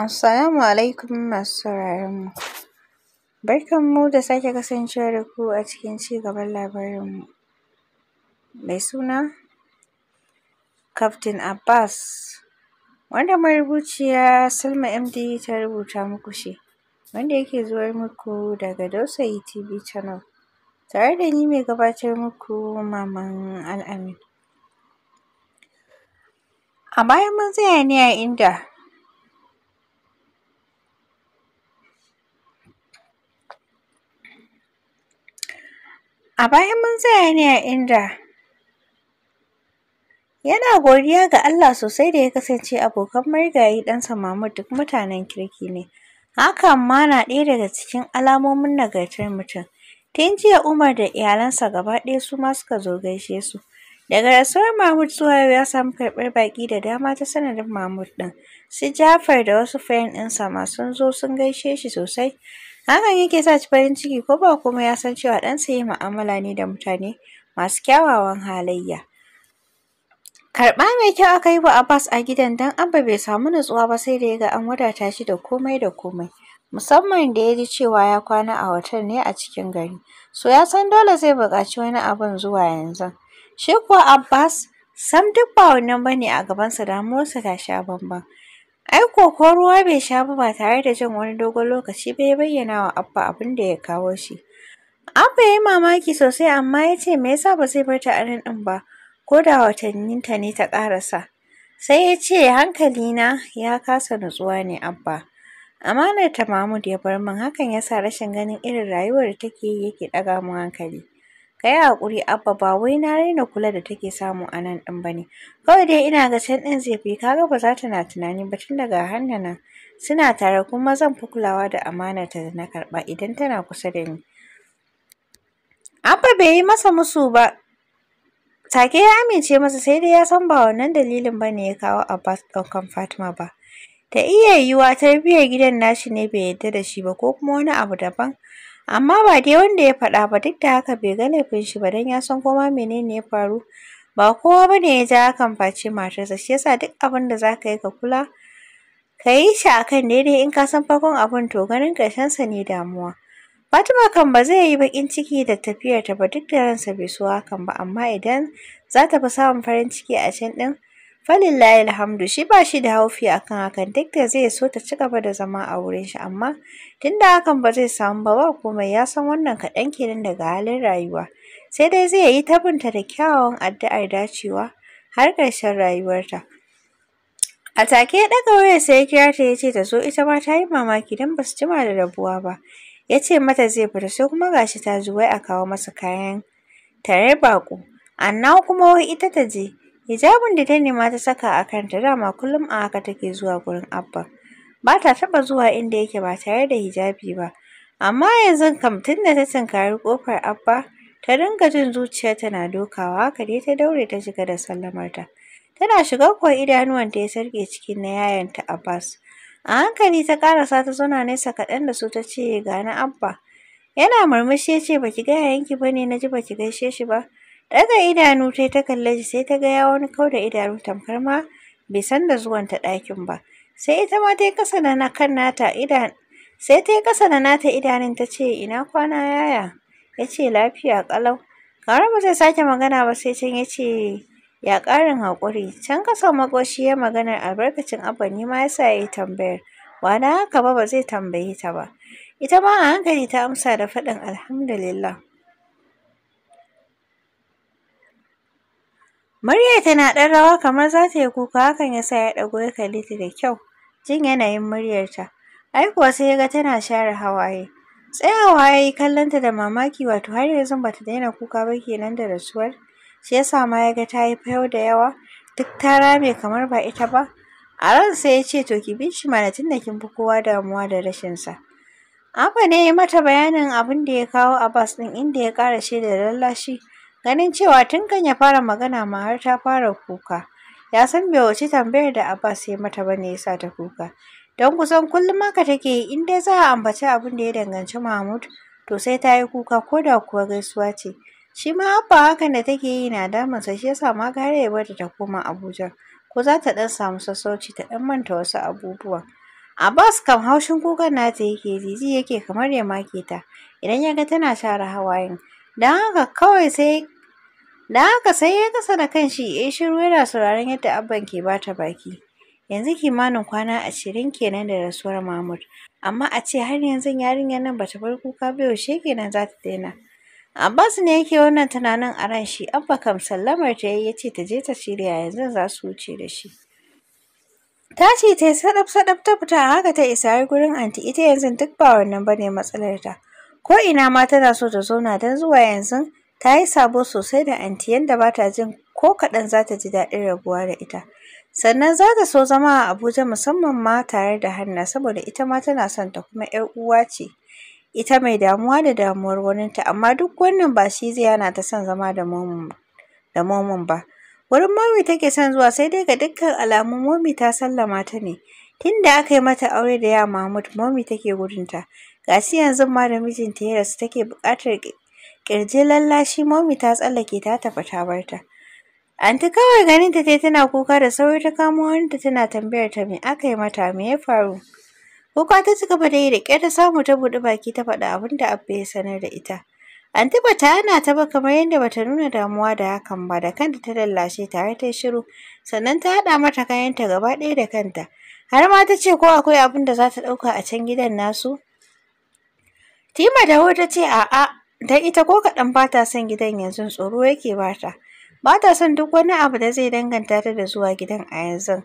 Assalamu alaikum masu sauraron mu. Barkan mu da sake kasancewa da ku a cikin cigaban labarin mu. Mai suna Captain Abbas wanda marubuciya Salma MD ta rubuta muku shi wanda yake zuwa muku daga Dausayi TV Channel tare da ni mai gabatar muku Maman Al'amin. A baya mun tsaya ne a inda A baya mun tsaya ne a inda yana godiya ga Allah sosai da ya kasance abokan marigayi ɗansa Mahmud duk mutanen kirki ne. Hakan ma na ɗaya daga cikin alamomin nagartar mutum. Tun jiya Umar da iyalansa gaba ɗaya su ma suka zo gaishe su. Daga rasuwar Mahmud zuwa yau ya samu karɓar baƙi da dama ta sanadin Mahmud ɗin. Su Jafar da wasu friend ɗinsa ma sun zo sun gaishe shi sosai. Hakan yake sa ci farin ciki ko ba komai ya san cewa ɗansa yi mu'amala ne da mutane masu kyawawan halayya. Karɓa mai kyau aka yi wa Abbas a gidan dan Abba bai samu nutsuwa ba sai da ya ga an wadata shi da komai da komai. Musamman da ya ji cewa ya kwana a hotel ne a cikin gari. So ya san dole zai buƙaci wani abun zuwa yanzu. Shi kuwa Abbas sam duk ba wannan ba ne a gabansa damuwarsa ga sha bambam. Ai ko ruwa bai sha ba ba tare da jin wani dogon lokaci ba ya bayyana wa Abba abin da ya kawo shi. Abba ya yi mamaki sosai amma ya ce me yasa ba zai bar ta a nan ɗin ba ko da watanninta ne ta ƙarasa. Sai ya ce hankali na ya kasa nutsuwa ne Abba. Amanar ta Mahmud ya bar min hakan ya sa rashin ganin irin rayuwar da take yi yake ɗaga min hankali. ka yi haƙuri abba ba wai na raina kula da take samu a nan ɗin ba kawai dai ina ga can ɗin zai fi kaga ba za ta na tunani ba tun daga hannana suna tare kuma zan fi kulawa da ta da na karba idan tana kusa da ni abba bai yi masa musu ba take ya amince masa sai dai ya san ba wannan dalilin bane ya kawo Abbas daukan Fatima ba ta iya yiwuwa tarbiyyar gidan nashi ne bai yarda da shi ba ko kuma wani abu daban amma ba dai wanda ya faɗa ba duk da haka bai ga laifin shi ba don ya san koma menene ya faru ba kowa ba ne ya ja hakan face matarsa shi yasa duk abin da zaka yi ka kula ka yi shi akan kan daidai in ka san farkon abin to ganin sa ne damuwa Fatima kan ba zai yi bakin ciki da tafiyarta ba duk da ransa bai so hakan ba amma idan za ta fi samun farin ciki a can ɗin falillahi alhamdu shi ba shi da haufi akan hakan duk da zai so ta ci gaba da zama a wurin shi amma Tunda hakan ba zai samu ba ba komai ya san wannan kaɗan kenan daga halin rayuwa. Sai dai zai yi ta da kyawawan addu'ar dacewa har ƙarshen rayuwarta. A take ya ɗaga wayarsa ya kira ta ya ce ta zo ita ma ta yi mamaki don ba su jima da rabuwa ba. Ya ce mata zai fita sai kuma ga shi ta zo wai a kawo masa kayan tare baƙo. Anna kuma wai ita ta je. Hijabin da ta nema ta saka a kanta dama kullum a haka take zuwa gurin Abba. ba ta taɓa zuwa inda yake ba tare da hijabi ba. Amma yanzu kam tun da ta tunkari kofar Abba, ta dinga jin zuciyarta na dokawa haka dai ta daure ta shiga da sallamarta. Tana shiga kuwa ta ya sarƙe cikin na yayanta Abbas. A hankali ta ƙarasa ta zauna nesa kaɗan da su ta ce ga na Abba. Yana murmushi ya ce ba ki gaya yanki ba ne na ji ba gaishe shi ba. Daga idanu tai ta kalle shi sai ta ga ya wani kau da idanu tamkar ma bai san da zuwanta ɗakin ba. Sai ita ma ta yi ƙasa da kan nata idan sai ta yi ƙasa da nata idanun ta ce ina kwana yaya? Ya ce lafiya ƙalau. Kamar ba zai sake magana ba sai can ya ce ya ƙarin haƙuri. Can ƙasan maƙoshi ya maganar albarkacin abban ni ma ya sa ya yi tambayar. Ba na haka ba ba zai tambaye ta ba. Ita ma a hankali ta amsa da faɗin alhamdulillah. Murya tana ɗan rawa kamar za ta yi kuka hakan ya sa ya ɗago ya kalli ta da kyau. jin yanayin muryarta. Ai sai ya ga tana share hawaye. Tsayawa ya yi kallonta da mamaki wato har yanzu ba ta daina kuka ba ke nan da rasuwar. Shi ya sa ma ya ga ta yi fayau da yawa, duk ta rame kamar ba ita ba. A ran sai ya ce to ki bi shi mana tunda kin fi kowa damuwa da rashinsa. Abba ne ya mata bayanin abin da ya kawo Abbas ɗin inda ya ƙara da lallashi. Ganin cewa tun kan ya fara magana ma har ta fara kuka. ya san bai wace tambayar da Abbas ya mata bane ya ta kuka. Don kusan kullum haka take yi in dai za a ambaci abin da ya danganci Mahmud to sai ta yi kuka ko da kuwa gaisuwa ce. Shi ma Abba hakan da take yi na sa shi yasa ma gara ya da ta koma Abuja ko za ta ɗan samu sassauci ta ɗan manta wasu abubuwa. Abbas kan haushin kukan nata yake jiji yake kamar ya make ta idan ya tana share hawayen. dan haka kawai sai Da haka sai ya kasa da kan shi. ya shiru yana sauraron yadda Abban ke bata baki. Yanzu kimanin kwana ashirin kenan da rasuwar Mahmud. Amma a ce har yanzu yarinyar nan bata bar kuka ba yaushe kenan za ta daina. Abbas ne yake wannan tunanin a ran shi, Abba kam sallamar ta yayi yace ta je ta shirya yanzu za su wuce da shi. Ta ce ta yi sadaf-sadaf ta fita haka ta isa har gurin anti ita yanzu duk ba wannan bane matsalar ta. Ko ina ma tana so ta zauna don zuwa yanzu Ta yi sabo sosai da anti yadda ba ta jin ko kaɗan za ta ji daɗin rabuwa da ita. Sannan za ta so zama a Abuja musamman ma tare da Hanna saboda ita ma tana son ta kuma 'yar uwa ce. Ita mai damuwa da damuwar waninta amma duk wannan ba shi zai hana ta son zama da momin da ba. Wurin momi take son zuwa sai dai ga dukkan alamu momi ta sallama ta ne. Tunda aka yi mata aure da ya Mahmud momi take gudunta. Ga shi yanzu ma da mijinta ya rasu take buƙatar Ƙirji lallashi momi ta tsallake ta tafi ta bar ta. Anti kawai ganinta ta tana kuka da sauri ta kamo hannunta tana tambayar ta me aka yi mata me ya faru. Kuka ta ci gaba da yi da ƙyar ta samu ta buɗe baki ta faɗi abin da Abba ya sanar da ita. Anti ba ta hana ta ba kamar yadda bata nuna damuwa da hakan ba da kanta ta lallashe tare ta yi shiru sannan ta haɗa mata kayanta gaba ɗaya da kanta. Har ma ta ce ko akwai abin da za ta ɗauka a can gidan nasu? Tima da ta ce a'a Dan ita ko kaɗan ba ta son gidan yanzu tsoro yake ba ta. Ba ta son duk wani abu da zai danganta ta da zuwa gidan a yanzu.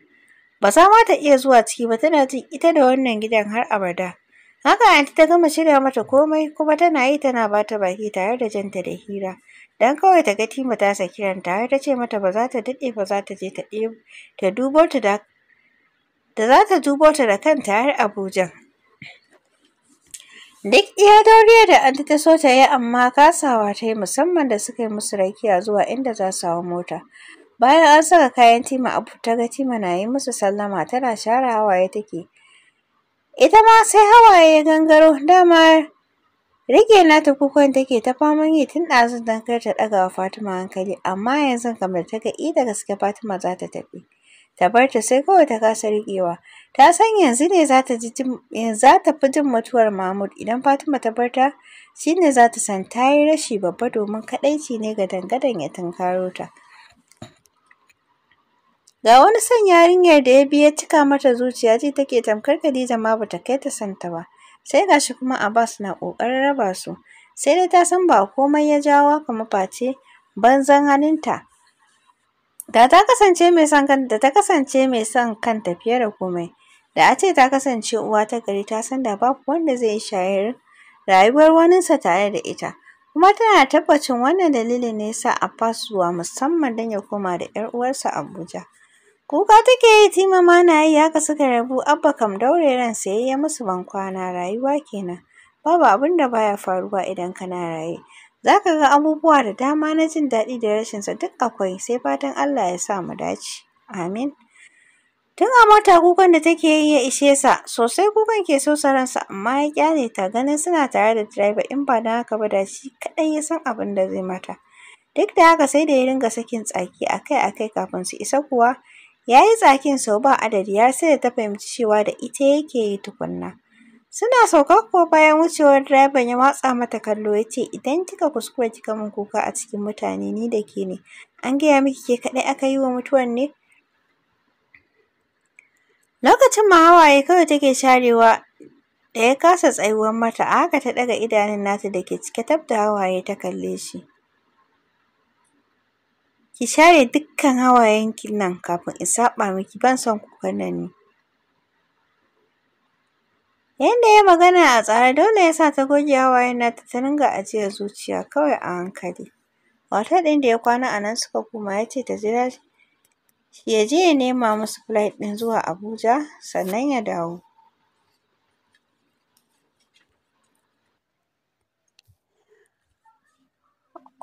Ba za ma ta iya zuwa ciki ba tana jin ita da wannan gidan har abada. Haka anti ta gama shirya mata komai kuma tana yi tana ba ta baki tare da janta da hira. Dan kawai ta ga Tima ta saki ranta har ta ce mata ba za ta daɗe ba za ta je ta ɗebo ta dubo ta da da za ta dubo ta da kanta har Abuja. Duk iya dauriya da anti ta so ta yi amma kasawa ta yi musamman da suka yi musu rakiya zuwa inda za su hau mota. Bayan an saka kayan Tima abu ta ga Tima na yi musu sallama tana share hawaye take. Ita ma sai hawaye ya gangaro dama rike nata kukan take ta faman yi tun ɗazun don kar ta ɗaga wa Fatima hankali amma yanzu kamar ta ga i da gaske Fatima za ta tafi. ta barta, sai kawai ta kasa riƙewa. Ta san yanzu ne za ta za ta fi jin mutuwar Mahmud idan Fatima ta bar ta shi ne za ta san ta yi rashi babba domin kaɗaici ne ga dangadan ya tunkaro ta. Ga wani son yarinyar da ya biya cika mata zuciya ji take tamkar Khadija ma bata kai ta santa ba. Sai gashi kuma Abbas na ƙoƙarin raba su. Sai dai ta san ba komai ya jawo haka ba banzan hannunta. Da ta kasance mai son kan da ta kasance mai son kanta fiye da komai. Da a ce ta kasance uwa ta gari ta san da babu wanda zai yi shayar rayuwar waninsa tare da ita. Kuma tana tabbacin wannan dalilin ne sa Abbas zuwa musamman don ya koma da ‘yar uwarsa Abuja. Kuka take yi Tima ma na yi haka suka rabu Abba kam daure sayayya ya musu bankwana rayuwa kenan. Babu abin da baya faruwa idan kana raye. Za ka ga abubuwa da dama na jin daɗi da rashin sa duk akwai, sai fatan Allah ya sa mu dace. Amin. Tun a mota kukan da take yi ya ishe sa, sosai kukan ke so ransa amma ya ƙyale ta ganin suna tare da direba in ba don haka ba da shi kaɗai ya san abin da zai mata. Duk da haka sai da ya ringa sakin tsaki akai-akai kafin su isa kuwa, ya yi tsakin sau ba adadi har sai da ta fahimci cewa da ita yake yi tukunna. Suna sauka kuwa bayan wucewar direban ya watsa mata kallo ya ce, Idan kika kuskura kika min kuka a cikin mutane ni da ke ne, an gaya miki ke kaɗai aka yi wa mutuwar ne? Lokacin ma hawaye kawai take sharewa da ya kasa tsayuwar mata, a haka ta ɗaga idanun nata da ke cike tab da hawaye ta kalle shi. Ki share dukkan hawayenki nan kafin in saɓa miki, ban son kukan nan ni. Yanda ya magana a tsare dole ya sa ta goge hawayen nata ta ringa ajiyar zuciya kawai a hankali. wata ɗin da ya kwana a nan suka koma ya ce ta jira ya je ya nema musu flight ɗin zuwa Abuja sannan ya dawo.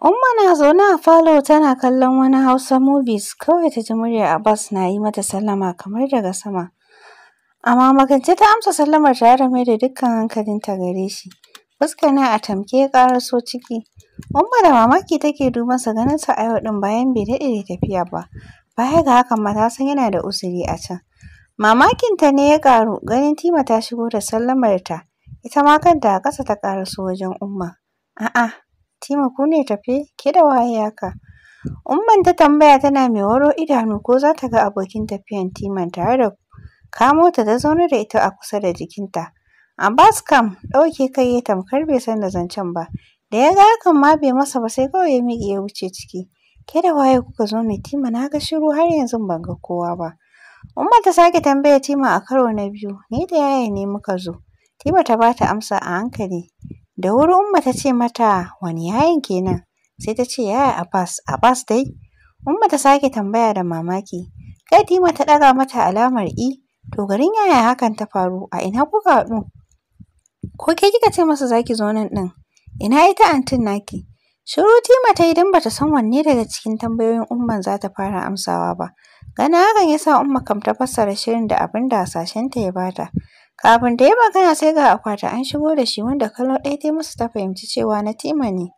Umma na zaune a falo tana kallon wani Hausa movies kawai ta ji muryar Abbas na yi mata sallama kamar daga sama. Amma makance ta amsa sallamar tare da da dukkan hankalinta gare shi. fuska na a tamke ya ƙaraso ciki. Umma da mamaki take duban sa ganin sa a yau ɗin bayan bai daɗe da tafiya ba. Baya ga hakan ma ta san yana da uzuri a can. Mamakin ta ne ya ƙaru ganin Tima ta shigo da sallamar ta. Ita ma kanta a ƙasa ta ƙaraso wajen Umma. A'a, Tima ku ne tafe? Ke da waye haka? Umman ta tambaya tana mai waro idanu ko za ta ga abokin tafiyan Timan tare da ku. kamo ta ta zaune da ita a kusa da jikinta. A kam ɗauke kai ya tamkar bai san da zancen ba, da ya ga hakan ma bai masa ba sai kawai ya miƙe ya wuce ciki. Ke da waye kuka zo ne Tima na ga shiru har yanzu ban ga kowa ba. Umma ta sake tambaya Tima a karo na biyu, ni da yaya ne muka zo? Tima ta ba ta amsa a hankali. Da wuri Umma ta ce mata wani yayan kenan? Sai ta ce yaya a bas dai? Umma ta sake tambaya da mamaki. Kai Tima ta ɗaga mata alamar i, e, To garin yaya hakan ta faru? A ina kuka haɗu? Ko ke kika ce masa zaki zo nan ɗin? Ina ita antin naki? Shiru Tima idan bata san wanne daga cikin tambayoyin Umman za ta fara amsawa ba. Gana hakan ya sa Umma kam ta fassara shirin da abin da ta ya bata. Kafin ta ba kana sai ga akwati an shigo da shi wanda kallon ɗaya ta masa ta fahimci cewa na Tima ne.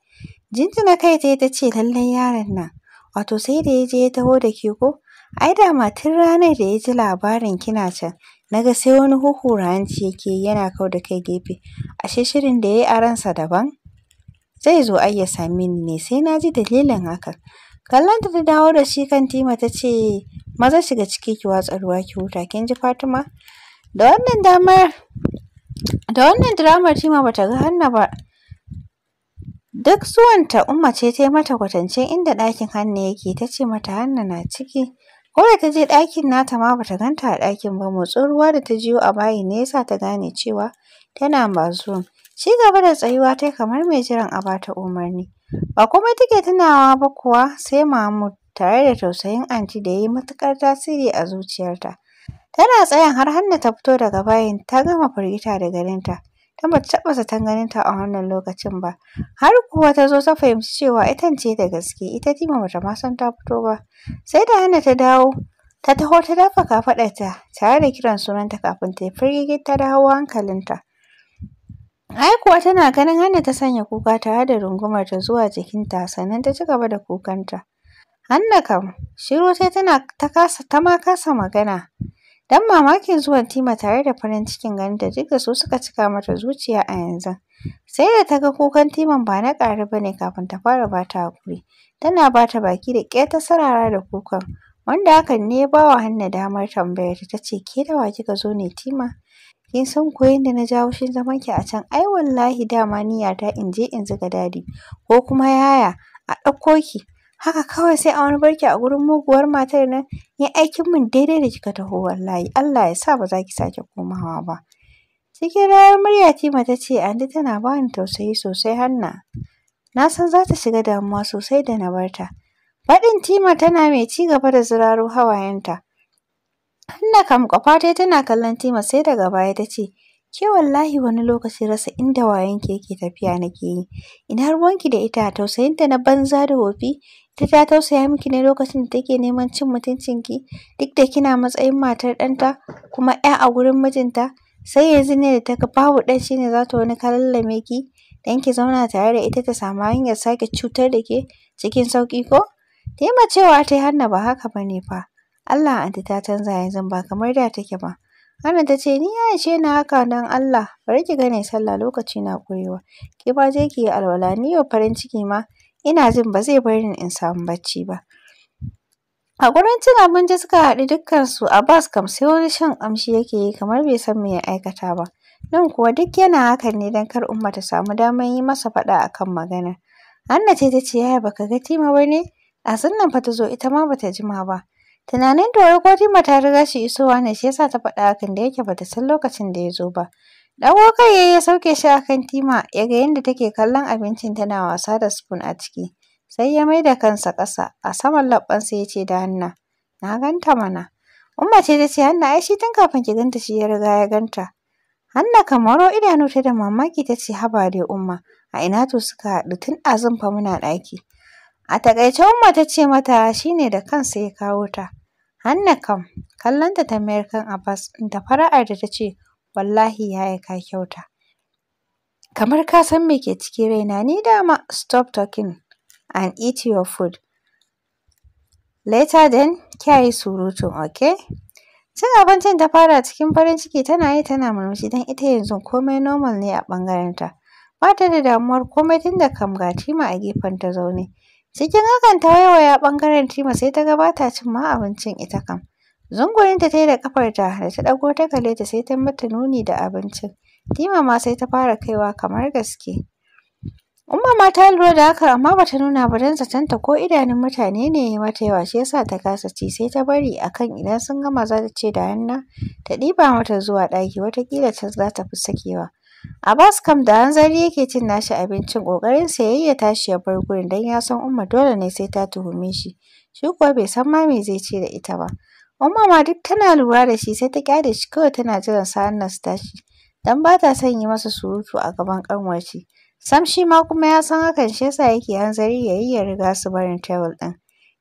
Jinjina kai ta yi ta ce lallai yaron nan, wato sai da ya je ya taho da ke ko? Ai da tun ranar da ya ji labarin kina can, na ga sai wani huhura ranci yake yi yana kau da kai gefe, ashe shirin da ya yi a ransa daban. Zai zo ai ya same ni ne sai na ji dalilin hakan. Kallon ta dawo da shi kan Tima ta ce, maza shiga ciki ki watsa ruwa ki huta, kin ji Fatima? Da wannan damar, da wannan diramar Tima ba ta ga Hanna ba. Duk zuwanta Umma ce ta yi mata kwatancen inda ɗakin Hanna yake, ta ce mata Hanna na ciki. Ko da ta je ɗakin nata ma bata ganta a ɗakin ba, motsin ruwa da ta jiyo a bayi ne ya sa ta gane cewa tana bathroom. Ci gaba da tsayuwa ta kamar mai jiran a ba umarni. Ba komai take tunawa ba kuwa sai Mahmud tare da tausayin anti da ya yi matuƙar tasiri a zuciyarta. Tana tsayan har Hanna ta fito daga bayin ta gama firgita da garinta. ta ba ta taɓa zaton ganinta a wannan lokacin ba. Har kuwa ta zo ta fahimci cewa ita ce da gaske, ita Dima ba ta ma san ta fito ba. Sai da Hannah ta dawo, ta taho ta dafa ta tare da kiran sunanta kafin ta yi firgigit ta dawo hankalinta. Ai kuwa tana ganin Hannah ta sanya kuka tare da rungumar ta zuwa jikinta sannan ta ci gaba da kukanta. Hannah kam shiru sai tana ta kasa ta ma kasa magana. dan mamakin zuwan Tima tare da farin cikin ganinta duk duka su suka cika mata zuciya a yanzu. Sai da ta ga kukan Timan ba na ƙari ba ne kafin ta fara ba ta haƙuri. Tana ba ta baki da ƙyar ta sarara da kukan, wanda hakan ne ya ba wa Hanna damar tambayar ta ta ce ke da wa kika zo ne Tima? Kin san ko yanda na ja haushin ki a can ai wallahi dama niyyata in je in zuga dadi ko kuma yaya a ɗauko ki haka kawai sai a wani barki a gurin muguwar matar nan ya aikin mun daidai da kika taho wallahi Allah ya sa ba za ki sake komawa ba cikin rawar murya Tima ta ce anti tana ba ni tausayi sosai Hanna na san za ta shiga damuwa sosai da na barta faɗin Tima tana mai ci gaba da zuraro hawayenta Hanna kam kwafa tana kallon Tima sai daga baya ta ce Ke wallahi wani lokaci rasa inda wayanki yake tafiya nake yi. Ina ruwanki da ita tausayinta na banza da wofi. Ita ta tausaya miki ne lokacin da take neman cin mutuncinki duk da kina matsayin matar ɗanta kuma 'ya a gurin mijinta. Sai yanzu ne da ta ga babu ɗan shi ne za ta wani kalallame ki dan ki zauna tare da ita ta samu hanyar sake cutar da ke cikin sauƙi ko? Taimacewa ta yi Hanna ba haka ba ne fa. Allah anti ta canza yanzu ba kamar da take ba. Maryam ta ce, ni ya ishe ni haka don Allah, bari ki ga sallah lokaci na kurewa. Ki ma je ki yi alwala, ni yau farin ciki ma ina jin ba zai bar ni in samu bacci ba. A gurin cin abinci suka haɗu dukkansu, bas kam sai wani shan amshi yake yi kamar bai san me ya aikata ba. Nan kuwa duk yana hakan ne don kar Umma ta samu damar yi masa faɗa a kan magana. Hanna ce ta ce, yaya baka ga Tima ba ne? A sannan fa ta zo ita ma bata jima ba. Tunanin da ko Jimma ta riga shi isowa ne shi yasa ta faɗa hakan da yake bata san lokacin da ya zo ba. Ɗago kai yayi ya sauke shi a kan tima ya ga yadda take kallon abincin tana wasa da spoon a ciki. Sai ya maida kansa ƙasa a saman leɓɓansa ya ce da Hanna, na ganta mana. Umma ce ta ce Hanna ai shi tun kafin ki ganta shi ya riga ya ganta. Hanna kamaro idanu ta da mamaki ta ce haba dai Umma a ina to suka haɗu tun ɗazun fa muna ɗaki. A taƙaice Umma ta ce mata shi ne da kansa ya kawo ta. Hanna kam kallonta ta mayar kan Abbas da fara'ar da ta ce wallahi yi ka kyauta. Kamar ka san me ke ciki raina ni dama stop talking and eat your food. Later then yi surutu ok Cin abincin ta fara cikin farin ciki tana yi tana murmushi don ita yanzu komai normal ne a ɓangarenta. Ba ta da damuwar komai tunda kam ga kima a ta zaune. Cikin hakan ta waiwaya ɓangaren Tima sai ta ga cin ma abincin ita kam. Zungurinta ta yi da ƙafarta da ta ɗago ta kale ta sai ta mata nuni da abincin. Tima ma sai ta fara kaiwa kamar gaske. Umma ma ta lura da haka amma bata nuna ba don zatenta ko idanun mutane ne ya mata yawa shi yasa ta kasa ci sai ta bari akan idan sun gama za ta ce da Hanna ta ɗiba mata zuwa ɗaki wataƙila can za ta fi sakewa. Abbas kam da hanzari yake cin nashi abincin ƙoƙarin sayayya tashi ya bar gurin dan ya san Umma dole ne sai ta tuhume shi. Shi kuwa bai san ma me zai ce da ita ba. Umma ma duk tana lura da shi sai ta ƙyale shi kawai tana jiran sa'annan su tashi dan ba ta son yi masa surutu a gaban ƙanwarshi. Sam shi ma kuma ya san hakan shi yasa yake hanzari yayi ya riga su barin tebur ɗin.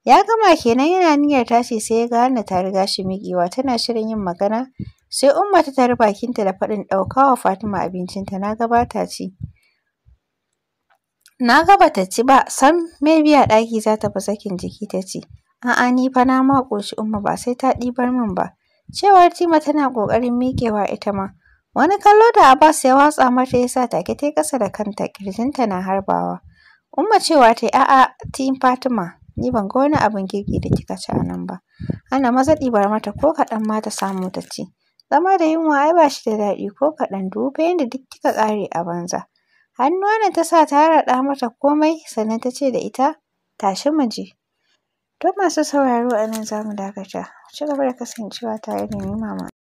Ya gama kenan yana niyyar tashi sai ya ga Hanna ta riga shi miƙewa tana shirin yin magana Sai Umma ta tari bakinta da faɗin ɗauka wa Fatima abincinta na ga ta ci. Na ga ba ta ci ba san me biya ɗaki za ta fi sakin jiki ta ci. A'a ni fa na ma ƙoshi Umma ba sai ta ɗibar min ba. Cewar Tima tana ƙoƙarin miƙewa ita ma. Wani kallo da Abbas ya watsa mata ya sa take ta yi ƙasa da kanta ƙirjinta na harbawa. Umma cewa ta yi a'a tin Fatima ni ban ga wani abin girki da kika ci a nan ba. Ana maza ɗibar mata ko kaɗan ma ta samu ta ci. Zama da yunwa ai ba shi da daɗi ko kaɗan, duba yadda duk kika ƙare a banza. hannuwa na ta sa ta raɗa mata komai sannan ta ce da ita, tashi mu je. To masu sauraro a nan za mu dakata. ci gaba da kasancewa tare da ni Mama.